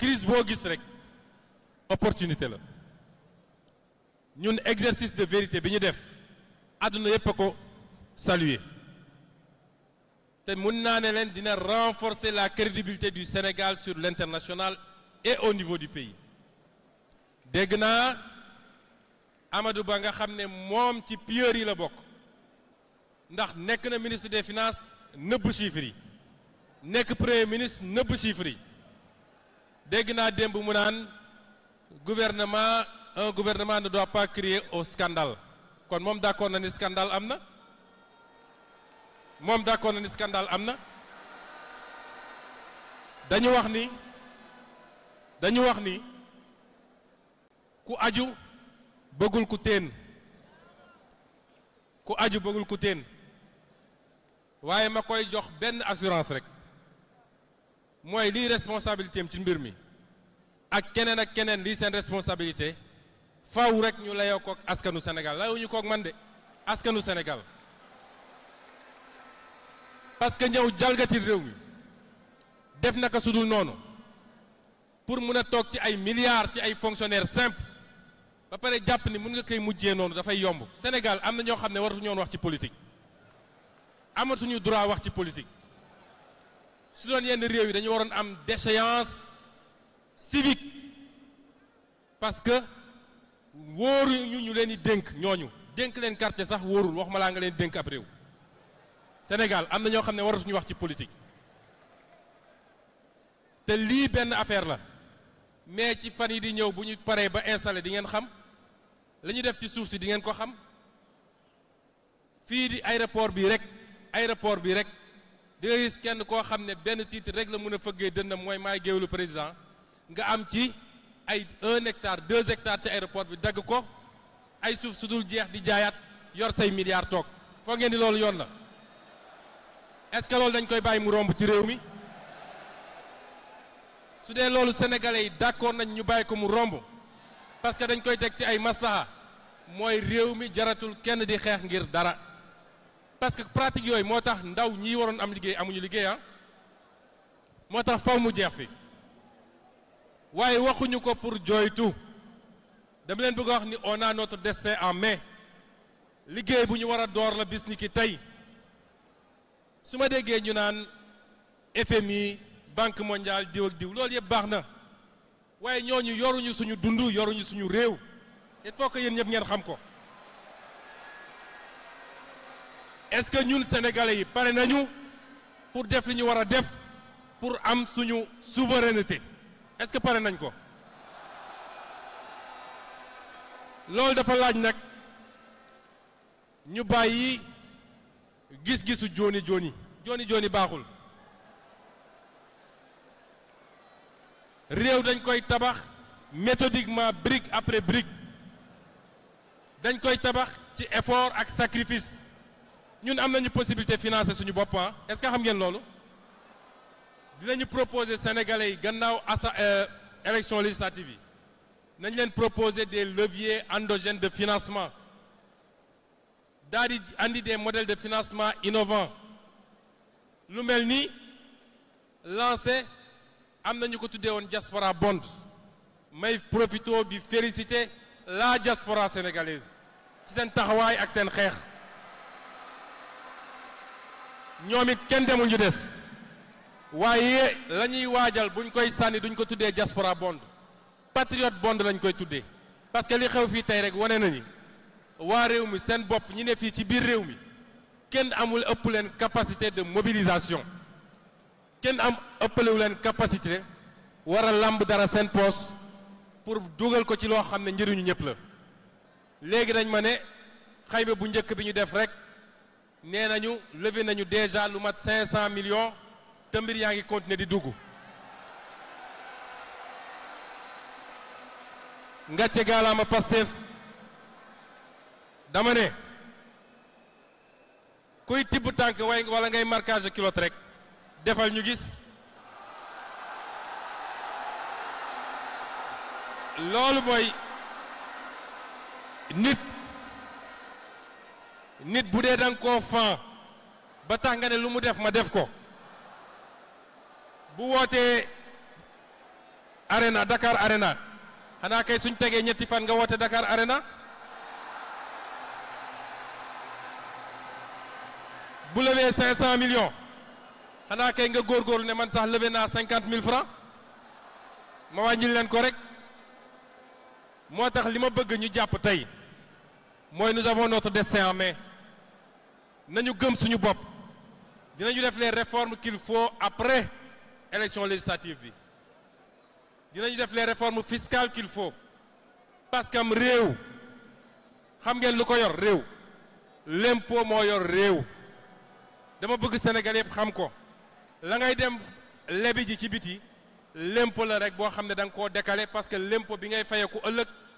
crise boo gis rek opportunité la ñun exercice de vérité bi ñu def àdduna yépp a ko saluer te mun naa ne leen dina renforcer la crédibilité du Sénégal sur l'international et au niveau du pays dégg naa Amadou Ba nga xam ne moom ci pire yi la bokk ndax nekk na ministre des finances nëbb chiffres yi nekk premier ministre nëbb chiffres yi dégg naa démb mu naan gouvernement un gouvernement ne doit pas crier au scandale kon moom d'accord na ni scandale am na moom d'accord na ni am na dañu wax ni dañu wax ni ku aju bëggul ku teen ku aju bëggul ku teen waaye ma koy jox benn assurance rek mooy lii responsabilité am ci mbir mi ak keneen ak keneen lii seen responsabilité faw rek ñu layoo kook askanu Sénégal layoo ñu kook man de askanu Sénégal parce que ñëw jalgati réew mi def naka sudul noonu pour mun a toog ci ay milliards ci ay fonctionnaires simple ba pare jàpp ni mun nga koy mujjee noonu dafay yomb Sénégal am na ñoo xam ne waratuñu woon wax ci politique amatuñu droit wax ci politique su doon yenn réew yi dañu waroon am déchéance civique parce que wóoru ñu ñu leen di dénk ñooñu dénk leen quartier sax wóorul wax ma nga leen dénk ab réew Sénégal am na ñoo xam ne waru suñu wax ci politique te lii benn affaire la mais ci fan yi di ñëw bu ñu paree ba installé di ngeen xam la ñu def ci suuf si di ngeen ko xam fii di aéroport bi rek aéroport bii rek di kenn koo xam ne benn tiit rek la mën a fëggee dënnam mooy maay géewlu président nga am ci ay un hectare deux hectares ci bi dagg ko ay suuf su dul jeex di jaayaat yor say milliards toog foo ngeen di loolu yoon la est dañ koy bàyyi mu romb ci réew mi su dee loolu sénégalais yi d'accord nañ ñu bàyyi ko mu romb parce que dañ koy teg ci ay maslaha mooy réew mi jaratul kenn di xeex ngir dara parce que pratique yooyu moo tax ndaw ñi waroon am liggéey amuñu liggéey ah. moo tax faw mu jeex fi waaye waxuñu ko pour jooytu dama leen bëgg a wax ni on a notre destin en mais liggéey bu ñu war a door la bis ni ki tey su ma déggee ñu naan FMI banque mondiale diw ak diw loolu yëpp baax na waaye ñu yoruñu suñu dund yoruñu suñu réew il faut que yéen ñëpp ngeen xam ko est-ce que ñun sénégalais yi pare nañu pour def li ñu war a def pour am suñu souveraineté est que pare nañ ko loolu dafa laaj nag ñu bàyyi gis-gisu jooni jooni jooni jooni baaxul réew dañ koy tabax méthodiquement brique après brique dañ koy tabax ci effort ak sacrifice ñun am nañu possibilité financer suñu bopp est-ce que xam ngeen loolu dinañu proposer sénégalais yi gannaaw asa euh, élection législative yi nañ leen proposer des leviers endogènes de financement daal di andi des modèles de financement innovants lu mel ni lancé am nañu ko tuddee woon diaspora bond may profito bi féliciter la diaspora sénégalaise ci seen taxawaay ak seen xeex. ñoom it kenn demul ñu des waaye la ñuy waajal buñ koy sànni duñ ko tuddee diaspora bond patriote bond lañ koy tuddee parce que li xew fii tey rek wane nañu waa réew mi seen bopp ñi ne fii ci biir réew mi kenn amul ëpp leen capacité de mobilisation kenn am ëppalewu leen capacité war làmb dara seen poos pour dugal ko ci loo xam ne njëriñu ñëpp la léegi dañ ma ne xayma bu njëkk bi ñu def rek nee nañu levé nañu déjà lu mat 500 millions te mbir yaa ngi continuer di dugg. ngàcce gaalaama Pastef dama ne kuy tibb tànk way wala ngay marquage culotte rek defal ñu gis loolu mooy nit. nit bu dee danga koo fan ba tax nga ne lu mu def ma def ko bu wootee arena Dakar arena xanaa kay suñ tegee ñetti fan nga woote Dakar arena bu levee cinq cent millions xanaa kay nga góorgóorlu ne man sax levé naa cinquante mille francs ma wàññil leen ko rek moo tax li ma bëgg ñu jàpp tey mooy nous avons notre destin en main nañu gëm suñu bopp dinañu def les réformes qu'il faut après élection législative bi dinañu def les réformes fiscales qu'il faut parce que am réew xam ngeen lu ko yor réew l'impôt moo yor réew dama bëgg Sénégal yëpp xam ko la ngay dem lebi ji ci biti l'impôt la rek boo xam ne danga nga koo décalé parce que l'impôt bi ngay fayeku ëllëg